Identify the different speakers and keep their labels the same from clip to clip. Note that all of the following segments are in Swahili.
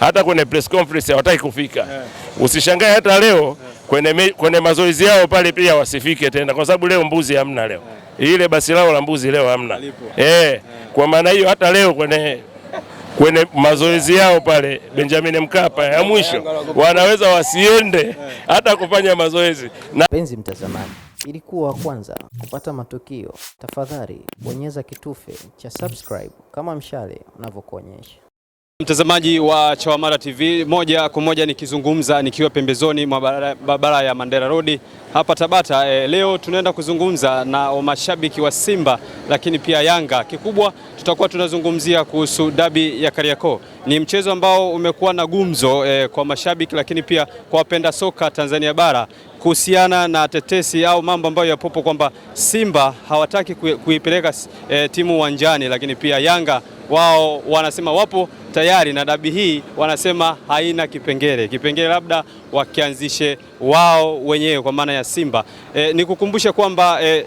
Speaker 1: hata kwenye press conference hawataki kufika. Usishangae hata leo kwenye, kwenye mazoezi yao pale pia wasifike tena, kwa sababu leo mbuzi hamna leo ile basi lao la mbuzi leo hamna Yeah. Kwa maana hiyo hata leo kwenye kwenye mazoezi yao pale Benjamin Mkapa ya mwisho wanaweza wasiende hata kufanya mazoezi.
Speaker 2: Mpenzi na... mtazamaji, ili kuwa wa kwanza kupata matukio, tafadhali bonyeza kitufe cha subscribe kama mshale unavyokuonyesha.
Speaker 1: Mtazamaji wa Chawamata TV moja kwa moja, nikizungumza nikiwa pembezoni mwa barabara ya Mandela Road hapa Tabata. E, leo tunaenda kuzungumza na mashabiki wa Simba lakini pia Yanga. Kikubwa tutakuwa tunazungumzia kuhusu dabi ya Kariakoo. Ni mchezo ambao umekuwa na gumzo e, kwa mashabiki lakini pia kwa wapenda soka Tanzania bara kuhusiana na tetesi au mambo ambayo yapopo kwamba Simba hawataki kuipeleka e, timu uwanjani, lakini pia Yanga wao wanasema wapo tayari na dabi hii wanasema haina kipengele, kipengele labda wakianzishe wao wenyewe kwa maana ya Simba. E, nikukumbushe kwamba e,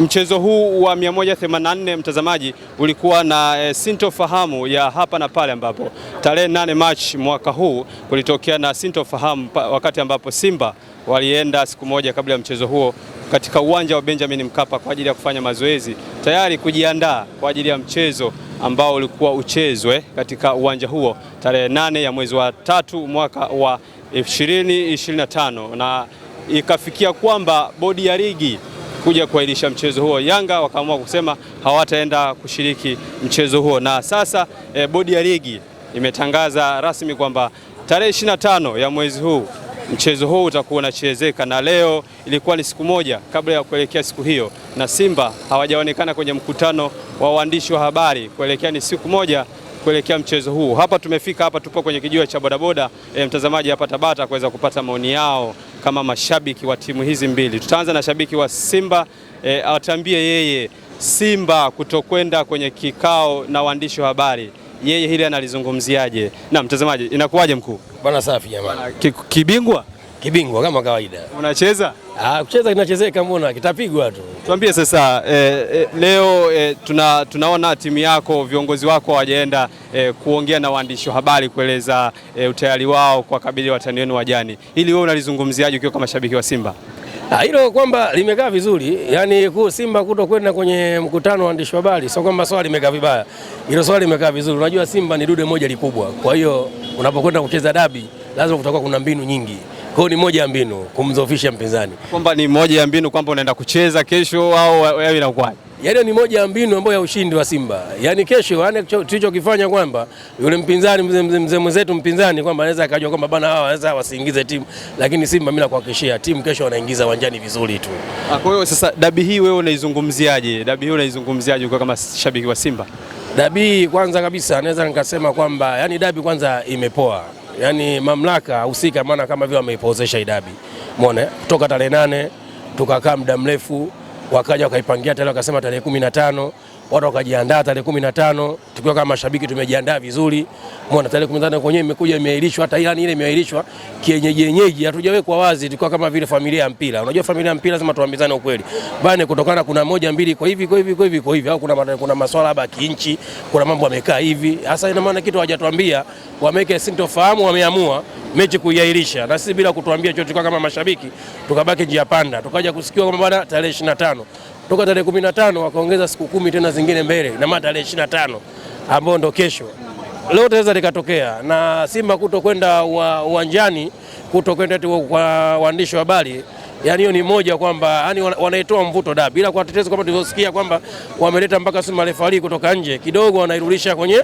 Speaker 1: mchezo huu wa 184 mtazamaji ulikuwa na e, sintofahamu ya hapa na pale, ambapo tarehe 8 Machi mwaka huu kulitokea na sintofahamu wakati ambapo Simba walienda siku moja kabla ya mchezo huo katika uwanja wa Benjamin Mkapa kwa ajili ya kufanya mazoezi tayari kujiandaa kwa ajili ya mchezo ambao ulikuwa uchezwe katika uwanja huo tarehe nane ya mwezi wa tatu mwaka wa 2025 na ikafikia kwamba bodi ya ligi kuja kuahirisha mchezo huo. Yanga wakaamua kusema hawataenda kushiriki mchezo huo, na sasa e, bodi ya ligi imetangaza rasmi kwamba tarehe 25 ya mwezi huu mchezo huu utakuwa unachezeka, na leo ilikuwa ni siku moja kabla ya kuelekea siku hiyo, na Simba hawajaonekana kwenye mkutano wa waandishi wa habari kuelekea ni siku moja kuelekea mchezo huu. Hapa tumefika hapa, tupo kwenye kijiwe cha bodaboda e, mtazamaji hapa Tabata kuweza kupata maoni yao kama mashabiki wa timu hizi mbili. Tutaanza na shabiki wa Simba e, atambie yeye Simba kutokwenda kwenye kikao na waandishi wa habari yeye hili analizungumziaje? Na mtazamaji, inakuwaje mkuu?
Speaker 3: Bwana safi jamani. Kibingwa? Kibingwa kama kawaida. Unacheza? Ah, kucheza kinachezeka mbona kitapigwa tu.
Speaker 1: Tuambie sasa eh, eh, leo eh, tuna, tunaona timu yako viongozi wako hawajaenda eh, kuongea na waandishi wa habari kueleza eh, utayari wao kwa kabili watani wenu wajani. Hili wewe unalizungumziaje ukiwa kama shabiki wa Simba?
Speaker 3: Ah, hilo kwamba limekaa vizuri, yani Simba kuto kwenda kwenye mkutano wa waandishi wa habari, sio kwamba swali limekaa vibaya. Hilo swali limekaa vizuri. Unajua Simba ni dude moja likubwa, kwa hiyo unapokwenda kucheza dabi lazima kutakuwa kuna mbinu nyingi. Kwa ni moja ya mbinu kumzofisha mpinzani,
Speaker 1: kwamba ni moja ya mbinu kwamba unaenda kucheza kesho au wewe inakuwaje?
Speaker 3: yaani ni moja ya mbinu ambayo ya ushindi wa Simba. Yaani kesho yani tulichokifanya kwamba yule mpinzani mzee mzee mze, mwenzetu mpinzani kwamba anaweza akajua kwamba bana hawa anaweza wasiingize timu, lakini Simba mimi nakuhakikishia timu kesho wanaingiza uwanjani vizuri tu.
Speaker 1: Ah, kwa hiyo sasa dabi hii wewe unaizungumziaje? Dabi hii unaizungumziaje kwa kama shabiki wa Simba?
Speaker 3: Dabi kwanza kabisa naweza nikasema kwamba yani dabi kwanza imepoa. Yaani mamlaka husika maana kama vile wameipozesha idabi. Muone Kutoka tarehe nane tukakaa muda mrefu wakaja wakaipangia tarehe, wakasema tarehe kumi na tano watu wakajiandaa tarehe kumi na tano tukiwa kama mashabiki tumejiandaa vizuri. Mbona tarehe kumi na tano kwenyewe imekuja imeahirishwa, hata ilani ile imeahirishwa kienyeji yenyeji, hatujawekwa wazi, tukiwa kama vile familia ya mpira. Unajua familia ya mpira lazima tuambizane ukweli bane, kutokana kuna moja mbili, kwa hivi kwa hivi kwa hivi kwa hivi, au kuna kuna masuala haba kinchi, kuna mambo yamekaa hivi. Hasa ina maana kitu hawajatuambia, wameke sintofahamu, wameamua mechi kuiahirisha, na sisi bila kutuambia chochote, kama mashabiki tukabaki njia panda, tukaja kusikia kwamba bana tarehe 25 toka tarehe 15 wakaongeza siku kumi tena zingine mbele, na maana tarehe 25 ambayo ndo kesho. leo linaweza likatokea, na Simba kutokwenda uwanjani, kutokwenda kwa waandishi wa habari yani hiyo ni moja kwamba yani wanaitoa mvuto da bila kuwateteza, kwamba tulivyosikia kwamba wameleta mpaka Simba refari kutoka nje kidogo, wanairudisha kwenye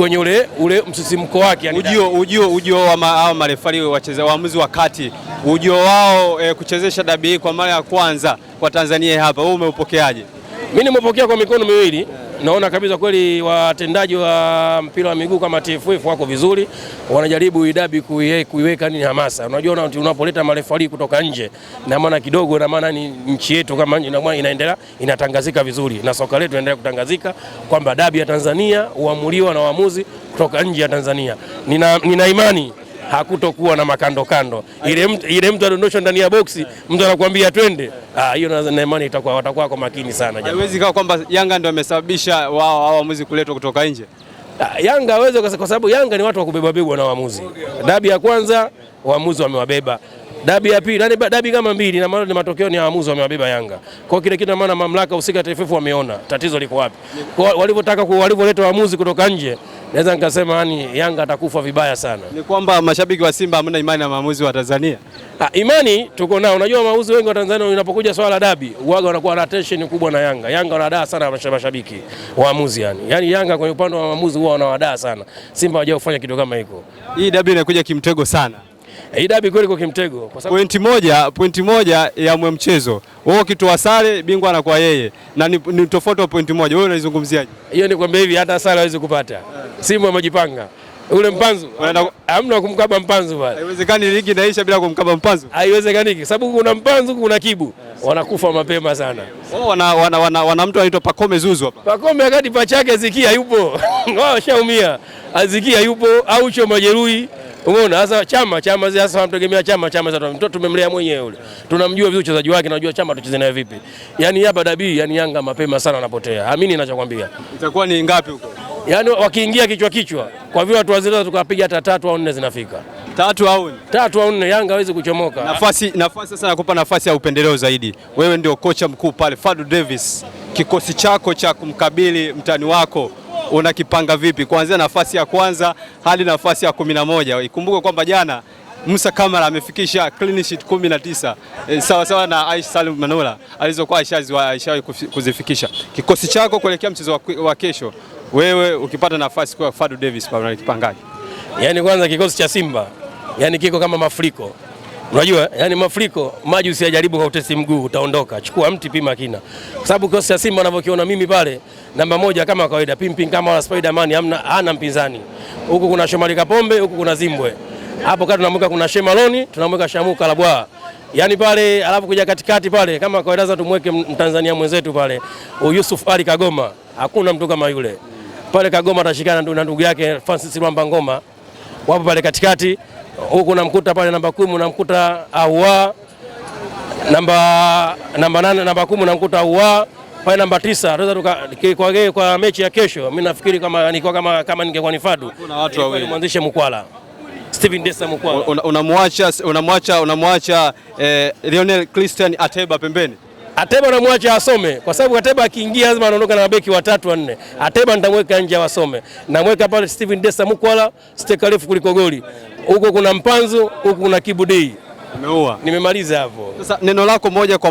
Speaker 3: kwenye ule, ule msisimko wake yani
Speaker 1: ujio, ujio, ujio wa ma, marefari wacheza waamuzi wa kati ujio wao e, kuchezesha dabi hii kwa mara ya kwanza kwa Tanzania hapa, wewe umeupokeaje?
Speaker 3: Mimi nimepokea kwa mikono miwili yeah naona kabisa kweli watendaji wa mpira wa miguu kama TFF wako vizuri, wanajaribu idabi kuiweka nini hamasa. Unajua, unapoleta marefari kutoka nje, na maana kidogo, na maana ni nchi yetu kama inaendelea inatangazika vizuri, na soka letu inaendelea kutangazika kwamba dabi ya Tanzania huamuliwa na waamuzi kutoka nje ya Tanzania. Nina, nina imani hakutokuwa na makandokando. Ile mtu adondoshwa ndani ya boksi, mtu anakuambia twende, ah, hiyo na imani itakuwa watakuwa kwa makini sana.
Speaker 1: Haiwezi kawa kwamba Yanga ndio amesababisha wao hao waamuzi kuletwa kutoka nje.
Speaker 3: Ah, Yanga hawezi kwa sababu Yanga ni watu wa kubeba bebwa na waamuzi. Dabi ya kwanza waamuzi wamewabeba dabi ya pili, yani dabi kama mbili, na maana ni matokeo ni waamuzi wamewabeba Yanga. Kwa kile kitu, maana mamlaka husika TFF wameona tatizo liko wapi, walivyotaka walivyoleta waamuzi kutoka nje naweza nikasema yani Yanga atakufa vibaya sana.
Speaker 1: Ni kwamba mashabiki wa Simba hamna imani na maamuzi wa Tanzania.
Speaker 3: Ha, imani tuko nao. Unajua maamuzi wengi wa Tanzania unapokuja swala la dabi, uaga wanakuwa na tension kubwa na Yanga. Yanga wanadaa sana mashabiki waamuzi yani. Yaani Yanga kwenye upande wa maamuzi huwa wanawadaa sana. Simba hawajafanya kufanya kitu kama hiko.
Speaker 1: Hii dabi inakuja kimtego sana.
Speaker 3: Hii dabi kweli kwa kimtego kwa
Speaker 1: sababu pointi moja, pointi moja ya mwe mchezo wao, ukitoa sare bingwa anakuwa yeye, na ni, ni tofauti wa pointi moja. Wewe unaizungumziaje
Speaker 3: hiyo? Ni kwamba hivi hata sare hawezi kupata, simu amejipanga ule mpanzu hamna kumkaba mpanzu pale.
Speaker 1: Haiwezekani ligi inaisha bila kumkaba mpanzu.
Speaker 3: kwa sababu kuna mpanzu kuna kibu wanakufa mapema sana.
Speaker 1: Wao wana, wana, wana, wana mtu anaitwa Pakome Zuzu hapa.
Speaker 3: Pakome akati pachake zikia yupo. Wao washaumia. Azikia yupo au cho majeruhi Umeona sasa chama chama sasa tunamtegemea chama chama sasa mtoto tumemlea mwenyewe yule. Tunamjua vizuri uchezaji wake, na unajua chama tucheze naye vipi. Yaani hapa dabi, yani Yanga mapema sana anapotea. Amini ninachokwambia.
Speaker 1: Itakuwa ni ngapi huko?
Speaker 3: Yaani wakiingia kichwa kichwa kwa vile watu wazee tukapiga hata tatu au nne zinafika. Tatu au nne. Tatu au nne Yanga hawezi kuchomoka.
Speaker 1: Nafasi nafasi sasa nakupa nafasi ya upendeleo zaidi. Wewe ndio kocha mkuu pale Fadu Davis. Kikosi chako cha kumkabili mtani wako unakipanga vipi kuanzia nafasi ya kwanza hadi nafasi ya kumi na moja? Ikumbuke kwamba jana Musa Kamara amefikisha clean sheet 19 e, eh, sawa sawa na Aish Salim Manula alizokuwa aishawahi kuzifikisha. Kikosi chako kuelekea mchezo wa kesho, wewe ukipata nafasi kwa Fadu Davis, panakipangaje?
Speaker 3: Yaani kwanza kikosi cha Simba yaani kiko kama mafuriko. Unajua, yani mafuriko maji usiyajaribu kwa utesi mguu utaondoka. Chukua mti pima kina. Kwa sababu kikosi cha Simba wanavyokiona mimi pale namba moja kama kawaida pimping kama wala Spiderman hamna hana mpinzani. Huko kuna Shomari Kapombe, huko kuna Zimbwe. Hapo kati tunamweka kuna Shemaloni, tunamweka Shamuka la bwa. Yaani pale alafu kuja katikati pale kama kawaida za tumweke Mtanzania mwenzetu pale Yusuf Ali Kagoma. Hakuna mtu kama yule. Pale Kagoma atashikana na ndugu yake Francis Rwamba Ngoma. Wapo pale katikati huku namkuta pale namba kumi namkuta aua namba namba nane namba kumi namkuta aua pale namba tisa kwa, kwa mechi ya kesho. Mimi nafikiri kama ningekuwa kama, kama ningekuwa nifadu mwanzishe mkwala Steven Desa mkwala
Speaker 1: unamwacha unamwacha unamwacha eh, Lionel Christian Ateba pembeni.
Speaker 3: Ateba namwacha asome kwa sababu Ateba akiingia lazima anaondoka na mabeki watatu wanne. Ateba nitamweka nje awasome. Namweka pale Steven Desa Mukwala, steka refu kuliko goli. Huko kuna Mpanzu, huko kuna Kibudei. Umeua. Nimemaliza hapo.
Speaker 1: Sasa neno lako moja kwa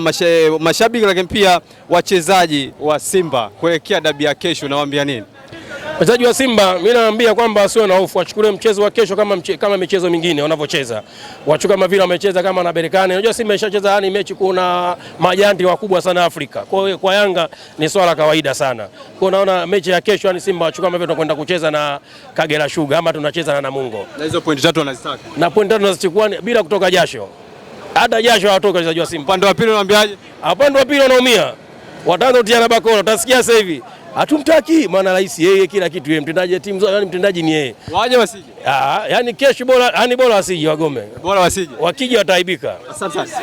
Speaker 1: mashabiki lakini pia wachezaji wa Simba kuelekea dabi ya kesho, nawaambia nini?
Speaker 3: Wachezaji wa Simba mimi naambia kwamba sio na hofu, wachukulie mchezo wa kesho kama mche, kama michezo mingine wanavyocheza. Wachu kama vile wamecheza kama na Berkane. Unajua Simba ishacheza yani mechi kuna majanti wakubwa sana Afrika. Kwa hiyo kwa Yanga ni swala kawaida sana. Kwa naona mechi ya kesho yani Simba wachu kama vile tunakwenda kucheza na Kagera Sugar ama tunacheza na Namungo.
Speaker 1: Na hizo pointi tatu wanazitaka.
Speaker 3: Na pointi tatu tunazichukua bila kutoka jasho. Hata jasho hawatoka wachezaji wa Simba. Upande
Speaker 1: wa pili unaambiaje?
Speaker 3: Upande wa pili wanaumia. Wataanza kutiana bakora, utasikia sasa hivi hatumtaki maana rais yeye kila kitu yeye, mtendaji timu zote, yani mtendaji ni yeye. Waje wasije? Ah, yani kesho bora, yani bora wasije, wagome bora wasije, wakija wataaibika.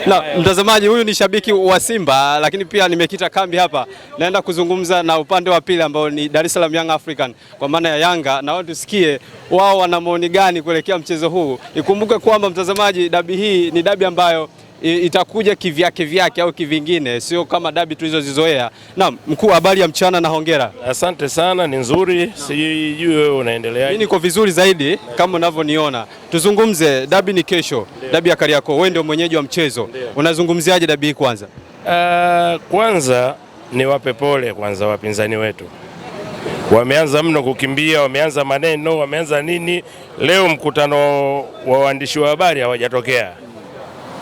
Speaker 1: Na mtazamaji huyu ni shabiki wa Simba, lakini pia nimekita kambi hapa, naenda kuzungumza na upande wa pili ambao ni Dar es Salaam Young African kwa maana ya Yanga, na wao tusikie wao wana maoni gani kuelekea mchezo huu. Ikumbuke kwamba mtazamaji, dabi hii ni dabi ambayo itakuja kivyake vyake au kivingine, sio kama dabi tulizozizoea. Naam, mkuu, habari ya mchana na hongera.
Speaker 4: Asante sana, ni nzuri. Sijui wewe unaendelea. Mimi
Speaker 1: niko vizuri zaidi kama unavyoniona. Tuzungumze dabi, ni kesho, dabi ya Kariakoo. Wewe ndio mwenyeji wa mchezo, unazungumziaje dabi hii kwanza?
Speaker 4: Uh, kwanza ni wape pole kwanza wapinzani wetu wameanza mno kukimbia, wameanza maneno, wameanza nini. Leo mkutano wa waandishi wa habari hawajatokea.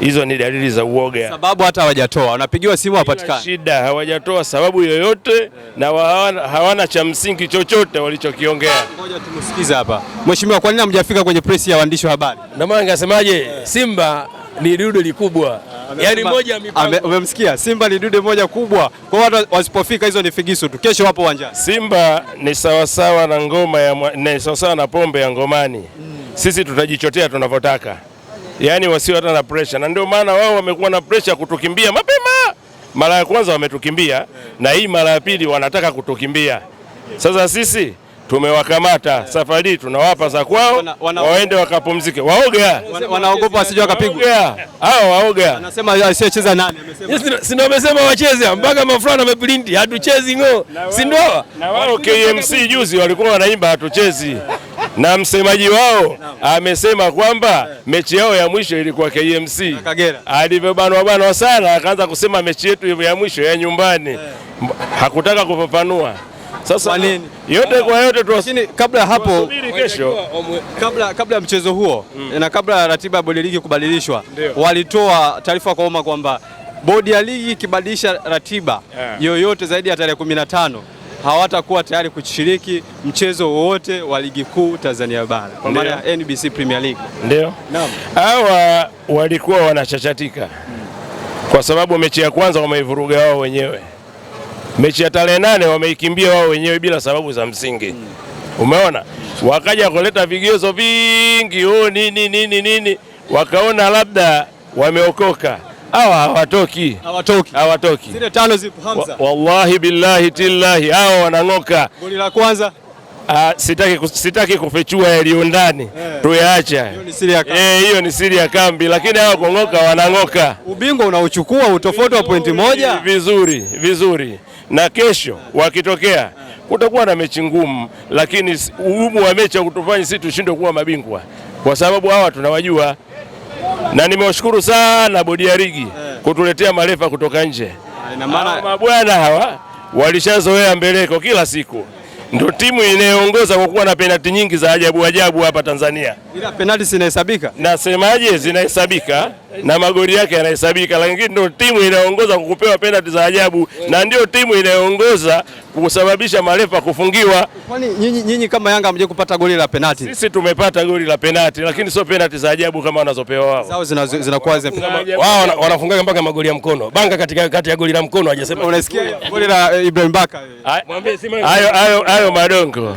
Speaker 4: Hizo ni dalili za uoga.
Speaker 1: Sababu hata hawajatoa, wanapigiwa simu hawapatikani.
Speaker 4: Shida hawajatoa sababu yoyote Na hawana, hawana cha msingi chochote walichokiongea.
Speaker 1: Ngoja tumsikize hapa. Mheshimiwa, kwa nini hamjafika kwenye press ya waandishi wa habari?
Speaker 3: Na maana ningasemaje, eh. Simba ni dude likubwa yaani moja
Speaker 1: mipango. Umemsikia? Simba ni dude moja kubwa. Kwa watu wasipofika hizo ni figisu tu. Kesho wapo uwanjani.
Speaker 4: Simba ni sawasawa na ngoma ya ni sawasawa na pombe ya ngomani. Mm. Sisi tutajichotea tunavyotaka yaani wasio hata na pressure, na ndio maana wao wamekuwa na pressure ya kutukimbia mapema. Mara ya kwanza wametukimbia, na hii mara ya pili wanataka kutukimbia. Sasa sisi tumewakamata safari tunawapa za kwao, waende wakapumzike, waoga.
Speaker 1: Wanaogopa wasije wakapigwa
Speaker 4: hao waoga.
Speaker 1: Anasema asiyecheza nani?
Speaker 3: Amesema si ndio, amesema wacheze mpaka mafulana ameprint, hatuchezi ng'o, si ndio?
Speaker 4: Na wao KMC juzi walikuwa wanaimba hatuchezi na msemaji wao amesema kwamba eh. mechi yao ya mwisho ilikuwa KMC. Alivyobanwa banwa sana, akaanza kusema mechi yetu ya mwisho ya nyumbani, eh. hakutaka kufafanua.
Speaker 1: Sasa kwa nini? Yote kwa yote tu kabla hapo kesho, kabla kabla ya mchezo huo mm, na kabla ya ratiba ya bodi ligi kubadilishwa, walitoa taarifa kwa umma kwamba bodi ya ligi ikibadilisha ratiba yeah, yoyote zaidi ya tarehe 15 hawatakuwa tayari kushiriki mchezo wowote wa ligi kuu Tanzania bara kwa maana ya NBC Premier League.
Speaker 4: Ndio hawa walikuwa wanachachatika hmm. kwa sababu mechi ya kwanza wameivuruga wao wenyewe, mechi ya tarehe nane wameikimbia wao wenyewe bila sababu za msingi hmm. Umeona, wakaja kuleta vigezo vingi, oh, nini nini nini, wakaona labda wameokoka hawa hawatoki, hawatoki, hawatoki.
Speaker 1: Zile tano zipo Hamza.
Speaker 4: Wallahi billahi tillahi hawa wanang'oka.
Speaker 1: Goli la kwanza
Speaker 4: Ah, sitaki, sitaki kufichua yaliyo ndani yeah. Tuyaacha eh, hiyo ni siri ya kambi, lakini hawa kong'oka wanang'oka.
Speaker 1: Ubingwa unaochukua utofauti wa eh, pointi moja
Speaker 4: vizuri vizuri, na kesho yeah. wakitokea kutakuwa na mechi ngumu, lakini ugumu wa mechi hautufanye sisi tushindwe kuwa mabingwa, kwa sababu hawa tunawajua na nimewashukuru sana bodi ya ligi kutuletea marefa kutoka nje. Mabwana hawa walishazoea mbeleko kila siku, ndio timu inayoongoza kwa kuwa na penalti nyingi za ajabu ajabu hapa Tanzania.
Speaker 1: Ila penalti zinahesabika,
Speaker 4: nasemaje? Zinahesabika na magoli yake yanahesabika, lakini ndio timu inayoongoza kupewa penalti za ajabu na ndio timu inayoongoza kusababisha marefa kufungiwa.
Speaker 1: Kwani nyinyi kama Yanga mje kupata goli la penalti?
Speaker 4: Sisi tumepata goli la penalti, lakini sio penalti za ajabu kama wanazopewa
Speaker 1: wao. zina zinakuwa
Speaker 4: wao wanafunga mpaka magoli ya mkono banga katika kati ya goli la mkono
Speaker 1: hajasema. Unasikia goli la eh, Ibrahim Baka,
Speaker 4: mwambie Simba hayo hayo hayo madongo,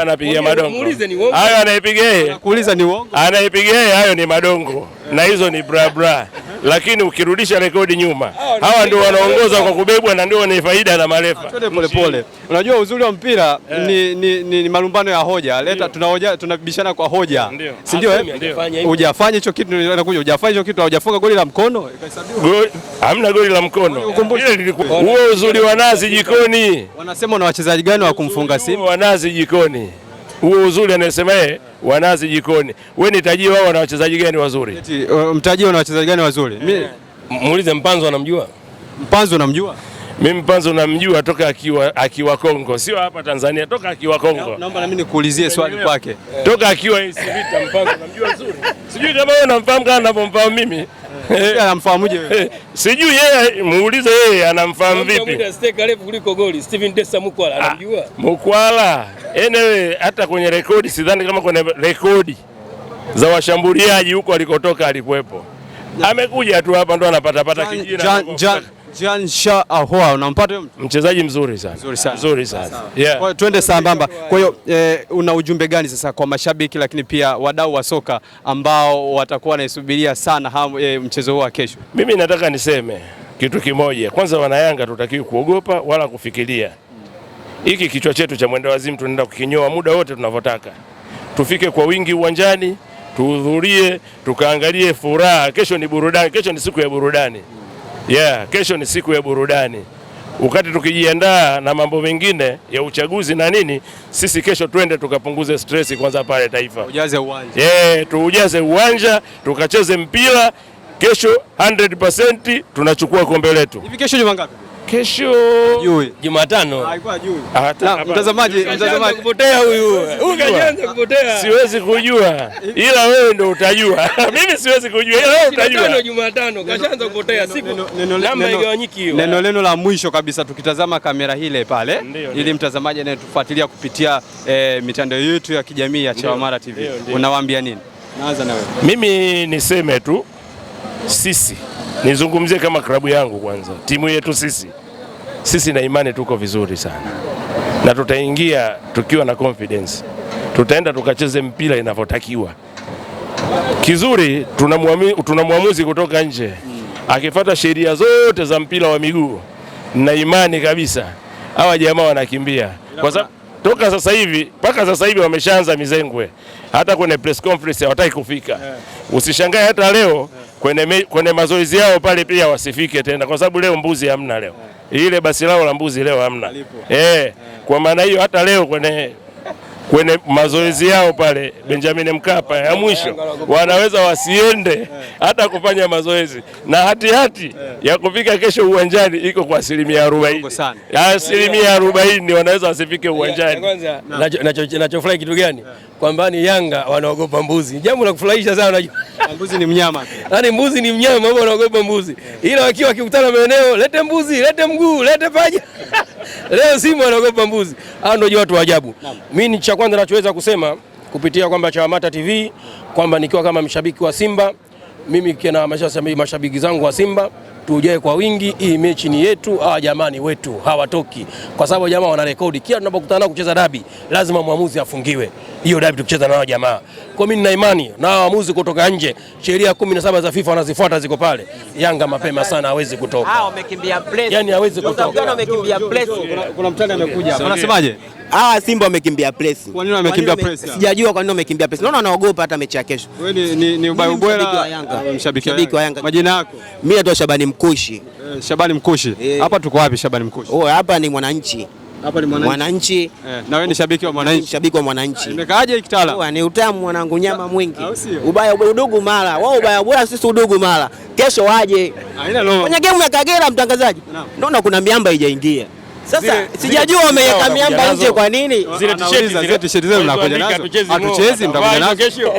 Speaker 4: anapigia madongo, hayo anaipigia yeye,
Speaker 1: kuuliza ni uongo,
Speaker 4: anaipigia yeye, hayo ni madongo na hizo ni bra bra, lakini ukirudisha rekodi nyuma, ah, hawa ndio wanaongoza kwa kubebwa na ndio wenye faida na marefa.
Speaker 1: Pole pole. Unajua uzuri wa mpira eh. ni, ni, ni, ni malumbano ya hoja. Leta tunahoja, tunabishana kwa hoja, si ndio? Eh? Hujafanya hicho kitu, unakuja hujafanya hicho kitu, hujafunga goli la mkono,
Speaker 4: hamna goli la mkono. Huo uzuri wa nazi jikoni.
Speaker 1: Wanasema una wachezaji gani wa kumfunga simu
Speaker 4: wa nazi jikoni? huo uzuri anasema yeye eh, wanazi jikoni. Wewe ni tajiri wao wana wachezaji gani wazuri? Mtajiri
Speaker 1: mtajie wana wachezaji gani wazuri?
Speaker 4: Mimi muulize Mpanzo anamjua?
Speaker 1: Mpanzo anamjua?
Speaker 4: Mimi Mpanzo namjua toka akiwa akiwa Kongo, sio hapa Tanzania, toka akiwa Kongo.
Speaker 1: Naomba na mimi nikuulizie swali kwake.
Speaker 4: Toka akiwa Vita Mpanzo namjua vizuri. Sijui kama wewe unamfahamu kama ninavyomfahamu mimi
Speaker 1: anamfahamuje wewe?
Speaker 4: Sijui yeye, muulize yeye anamfahamu vipi.
Speaker 1: kuliko goli Steven Mukwala ah,
Speaker 4: Mukwala enewe, hata kwenye rekodi sidhani kama kwenye rekodi za washambuliaji huko alikotoka alikuwepo. Amekuja tu hapa ndo anapatapata kijina
Speaker 1: Jansha Ahoua unampata huyo
Speaker 4: mchezaji mzuri sana. Mzuri
Speaker 1: sana. Mzuri sana. Mzuri sana. Yeah. Kwa twende sambamba. Kwa hiyo e, una ujumbe gani sasa kwa mashabiki lakini pia wadau wa soka ambao watakuwa wanaisubiria sana hamu, e, mchezo huu wa kesho?
Speaker 4: Mimi nataka niseme kitu kimoja. Kwanza, wanayanga tutakiwi kuogopa wala kufikiria. Hiki kichwa chetu cha mwendo wazimu tunaenda kukinyoa muda wote tunavyotaka. Tufike kwa wingi uwanjani, tuhudhurie, tukaangalie furaha. Kesho ni burudani, kesho ni siku ya burudani yeah, kesho ni siku ya burudani. Wakati tukijiandaa na mambo mengine ya uchaguzi na nini, sisi kesho twende tukapunguze stress kwanza pale Taifa,
Speaker 1: ujaze uwanja
Speaker 4: yeah, tuujaze uwanja tukacheze mpira kesho 100% tunachukua kombe letu. Hivi
Speaker 1: kesho ni wangapi?
Speaker 4: kesho Jumatano.
Speaker 1: Ah, ah, mtazamaji,
Speaker 3: mtazamaji kupotea huyu
Speaker 4: huyu kaanza kupotea, siwezi kujua, ila wewe ndo utajua. Mimi siwezi kujua, ila wewe utajua.
Speaker 1: Jumatano kashaanza kupotea, siku neno namba igawanyiki hiyo. Neno leno la mwisho kabisa, tukitazama kamera ile pale, ili mtazamaji anayetufuatilia kupitia eh, mitandao yetu ya kijamii ya Chawamata TV, unawaambia nini?
Speaker 4: Naanza na wewe. Mimi niseme tu sisi nizungumzie kama klabu yangu kwanza, timu yetu sisi sisi na imani tuko vizuri sana, na tutaingia tukiwa na confidence, tutaenda tukacheze mpira inavyotakiwa. Kizuri tuna mwamuzi kutoka nje akifata sheria zote za mpira wa miguu, na imani kabisa hawa jamaa wanakimbia kwa sababu toka sasa hivi mpaka sasa hivi wameshaanza mizengwe, hata kwenye press conference hawataki kufika. Usishangae hata leo kwenye, kwenye mazoezi yao pale pia wasifike tena, kwa sababu leo mbuzi hamna leo ile basi lao la mbuzi leo hamna eh, eh. Kwa maana hiyo hata leo kwenye kwenye mazoezi yao pale Benjamin Mkapa ya mwisho, wanaweza wasiende hata kufanya mazoezi, na hatihati ya kufika kesho uwanjani iko kwa asilimia arobaini. Asilimia arobaini wanaweza wasifike uwanjani.
Speaker 1: Nachofurahi kitu gani? Kwamba ni Yanga wanaogopa mbuzi, jambo la kufurahisha sana.
Speaker 3: Mbuzi ni mnyama,
Speaker 1: yaani mbuzi ni mnyama, wanaogopa mbuzi, ila wakiwa wakikutana maeneo, lete mbuzi, lete mguu, lete paja Leo Simba wanaogopa mbuzi. Hao ndio watu wa ajabu. Mimi cha kwanza nachoweza kusema kupitia kwamba Chawamata TV kwamba nikiwa kama mshabiki wa Simba mimi kina mashabiki zangu wa Simba tujae kwa wingi, hii mechi ni yetu. Hawa jamani wetu hawatoki, kwa sababu jamaa wana rekodi. Kila tunapokutana nao kucheza dabi, lazima mwamuzi afungiwe hiyo dabi tukicheza nao jamaa. Kwa mimi nina imani na waamuzi kutoka nje, sheria kumi na saba za FIFA wanazifuata, ziko pale. Yanga mapema sana hawezi kutoka,
Speaker 3: hao ah, wamekimbia
Speaker 1: yani hawezi kutoka. wamekimbia Kuna mtani amekuja hapa, unasemaje?
Speaker 3: Ah, Simba wamekimbia press. Kwa
Speaker 1: nini wamekimbia press?
Speaker 3: Sijajua kwa nini wamekimbia press. Naona wanaogopa hata mechi ya kesho.
Speaker 1: Wewe ni ni ubaya ubora, mshabiki wa Yanga. Majina yako?
Speaker 3: Mimi ndo Shabani Mkushi.
Speaker 1: Eh, Shabani Mkushi. Eh. Hapa eh, tuko wapi Shabani Mkushi?
Speaker 3: Oh, hapa ni Mwananchi.
Speaker 1: Hapa ni Mwananchi. Mwananchi. Eh, na wewe ni shabiki wa Mwananchi.
Speaker 3: Shabiki wa Mwananchi. Eh,
Speaker 1: imekaaje kitala? Oh,
Speaker 3: ni utamu mwanangu nyama mwingi. Ah, ubaya udugu mara. Wao ubaya bora sisi udugu mara. Kesho waje. Haina roho. Kwenye game ya Kagera mtangazaji. Naona kuna miamba haijaingia. Sasa sijajua wameweka miamba nje kwa nini?
Speaker 1: Zile t-shirt zile t-shirt zenu mnakuja nazo. Hatuchezi mtakuja nazo.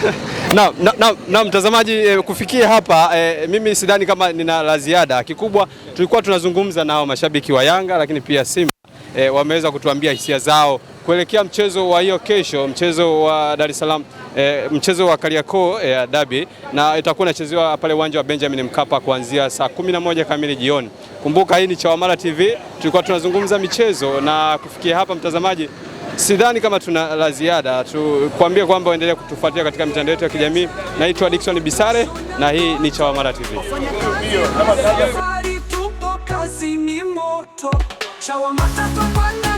Speaker 1: na, na, na, mtazamaji eh, kufikia hapa eh, mimi sidhani kama nina la ziada kikubwa. Tulikuwa tunazungumza nao mashabiki wa Yanga lakini pia Simba eh, wameweza kutuambia hisia zao kuelekea mchezo wa hiyo kesho, mchezo wa Dar es Salaam e, mchezo wa Kariakoo e, eh, dabi, na itakuwa inachezewa pale uwanja wa Benjamin Mkapa kuanzia saa 11 kamili jioni. Kumbuka hii ni Chawamata TV, tulikuwa tunazungumza michezo na kufikia hapa mtazamaji sidhani kama tuna la ziada tukwambie kwamba waendelee kutufuatia katika mitandao yetu ya kijamii. Naitwa Dickson Bisare na hii ni Chawamata TV. Chawamata